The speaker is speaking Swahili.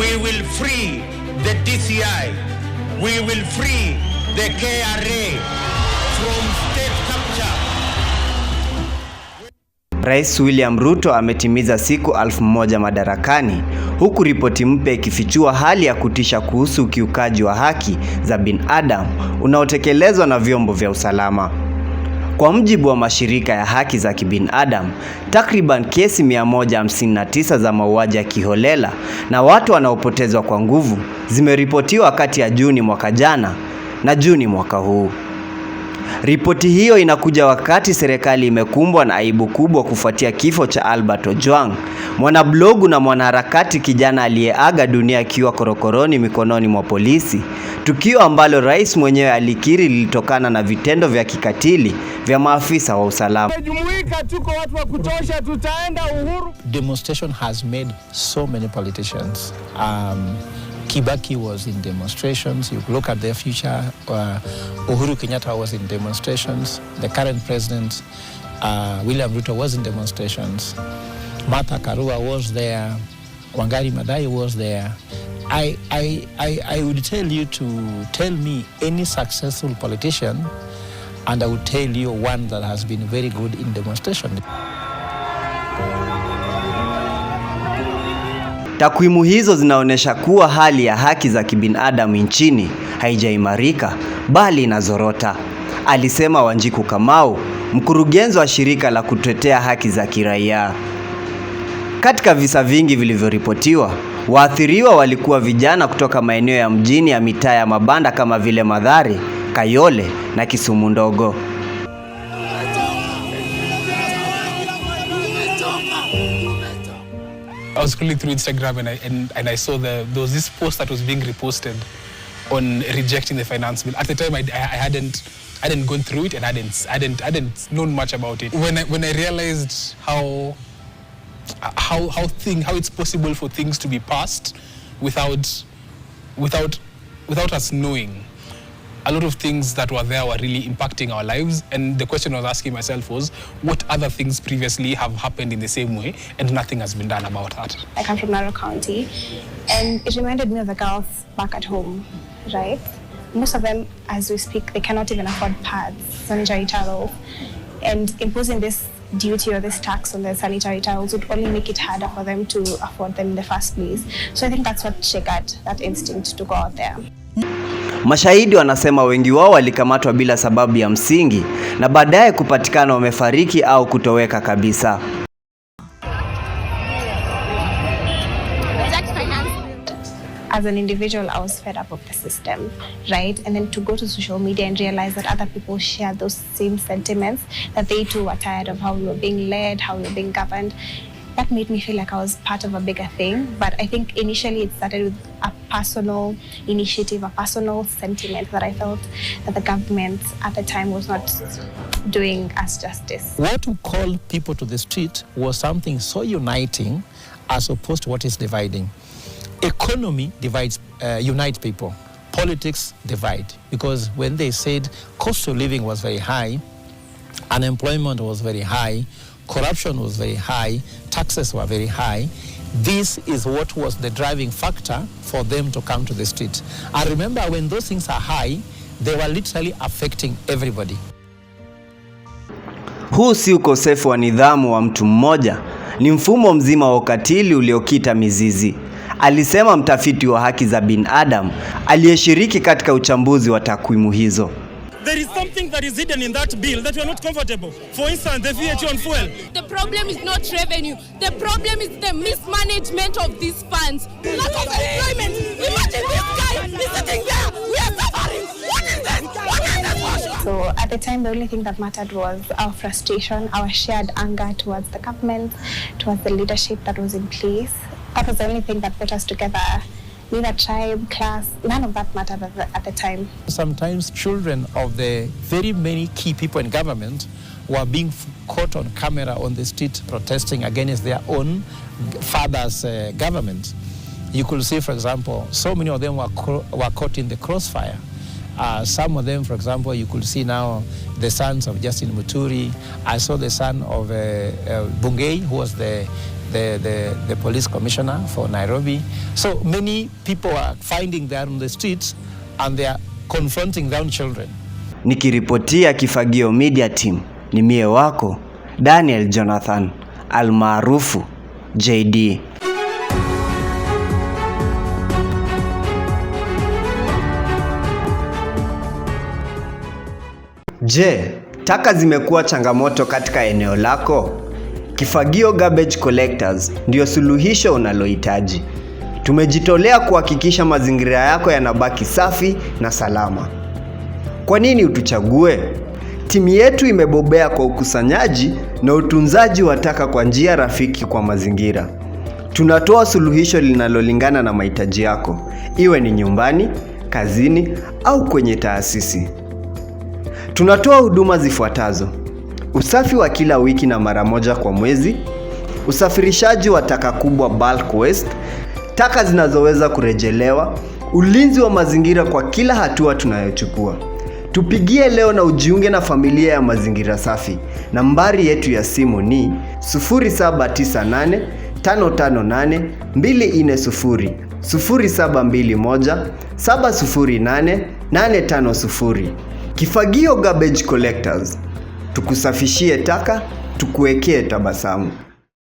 we will free the DCI, we will free the KRA from state capture. Rais William Ruto ametimiza siku alfu moja madarakani huku ripoti mpya ikifichua hali ya kutisha kuhusu ukiukaji wa haki za binadamu unaotekelezwa na vyombo vya usalama. Kwa mjibu wa mashirika ya haki za kibinadamu, takriban kesi 159 za mauaji ya kiholela na watu wanaopotezwa kwa nguvu zimeripotiwa kati ya Juni mwaka jana na Juni mwaka huu. Ripoti hiyo inakuja wakati serikali imekumbwa na aibu kubwa kufuatia kifo cha Albert Ojwang, mwanablogu na mwanaharakati kijana aliyeaga dunia akiwa korokoroni mikononi mwa polisi, tukio ambalo rais mwenyewe alikiri lilitokana na vitendo vya kikatili vya maafisa wa usalama. Tumejumuika, tuko watu wa kutosha, tutaenda uhuru. Demonstration has made so many politicians um, Kibaki was in demonstrations. You look at their future. Uh, Uhuru Kenyatta was in demonstrations. The current president, uh, William Ruto, was in demonstrations. Martha Karua was there. Wangari Madai was there. I, I, I, I would tell you to tell me any successful politician and I would tell you one that has been very good in demonstration. Takwimu hizo zinaonyesha kuwa hali ya haki za kibinadamu nchini haijaimarika bali inazorota, alisema Wanjiku Kamau, mkurugenzi wa shirika la kutetea haki za kiraia. Katika visa vingi vilivyoripotiwa, waathiriwa walikuwa vijana kutoka maeneo ya mjini ya mitaa ya mabanda kama vile madhari Kayole na Kisumu Ndogo. I was scrolling through Instagram and I, and, and I saw the, there was this post that was being reposted on rejecting the finance bill. At the time, I, I hadn't I hadn't gone through it and I hadn't I hadn't I hadn't known much about it. When I when I realized how how how thing how it's possible for things to be passed without without without us knowing a lot of things that were there were really impacting our lives. And the question I was asking myself was, what other things previously have happened in the same way and nothing has been done about that? I come from Narok County and it reminded me of the girls back at home, right? Most of them, as we speak, they cannot even afford pads, sanitary towels. And imposing this duty or this tax on the sanitary towels would only make it harder for them to afford them in the first place. So I think that's what triggered that instinct to go out there. Mashahidi wanasema wengi wao walikamatwa bila sababu ya msingi na baadaye kupatikana wamefariki au kutoweka kabisa. As an individual, I was fed up of the system, right? And then to go to social media and realize that other people share those same sentiments, that they too were tired of how we were being led, how we were being governed. That made me feel like I was part of a bigger thing. But I think initially it started with a personal initiative, a personal sentiment that I felt that the government at the time was not doing us justice. What to call people to the street was something so uniting as opposed to what is dividing. Economy divides, uh, unites people. Politics divide because when they said cost of living was very high, unemployment was very high, corruption was very high, taxes were very high, This is what was the driving factor for them to come to the street. I remember, when those things are high, they were literally affecting everybody. Huu si ukosefu wa nidhamu wa mtu mmoja, ni mfumo mzima wa ukatili uliokita mizizi, alisema mtafiti wa haki za binadamu aliyeshiriki katika uchambuzi wa takwimu hizo. there is something that is hidden in that bill that we are not comfortable. For instance, the VAT on fuel. The problem is not revenue. The problem is the mismanagement of these funds. Lack of employment. Imagine this guy is sitting there. We are suffering. What is this? What is this So at the time, the only thing that mattered was our frustration, our shared anger towards the government, towards the leadership that was in place. That was the only thing that put us together neither tribe, class, none of that mattered at the, at the time. Sometimes children of the very many key people in government were being caught on camera on the street protesting against their own father's uh, government. You could see, for example, so many of them were, were caught in the crossfire. Uh, some of them, for example, you could see now the sons of Justin Muturi. I saw the son of uh, uh, Bungei, who was the the, the, the police commissioner for Nairobi. So many people are finding they on the streets and they are confronting their own children. Nikiripotia Kifagio Media Team ni mie wako Daniel Jonathan almaarufu JD. Je, taka zimekuwa changamoto katika eneo lako? Kifagio Garbage Collectors ndio suluhisho unalohitaji. Tumejitolea kuhakikisha mazingira yako yanabaki safi na salama. Kwa nini utuchague? Timu yetu imebobea kwa ukusanyaji na utunzaji wa taka kwa njia rafiki kwa mazingira. Tunatoa suluhisho linalolingana na mahitaji yako, iwe ni nyumbani, kazini au kwenye taasisi. Tunatoa huduma zifuatazo: usafi wa kila wiki na mara moja kwa mwezi, usafirishaji wa taka kubwa bulk waste, taka zinazoweza kurejelewa, ulinzi wa mazingira kwa kila hatua tunayochukua. Tupigie leo na ujiunge na familia ya mazingira safi. Nambari yetu ya simu ni 0798 558 Kifagio Garbage Collectors tukusafishie taka, tukuwekee tabasamu.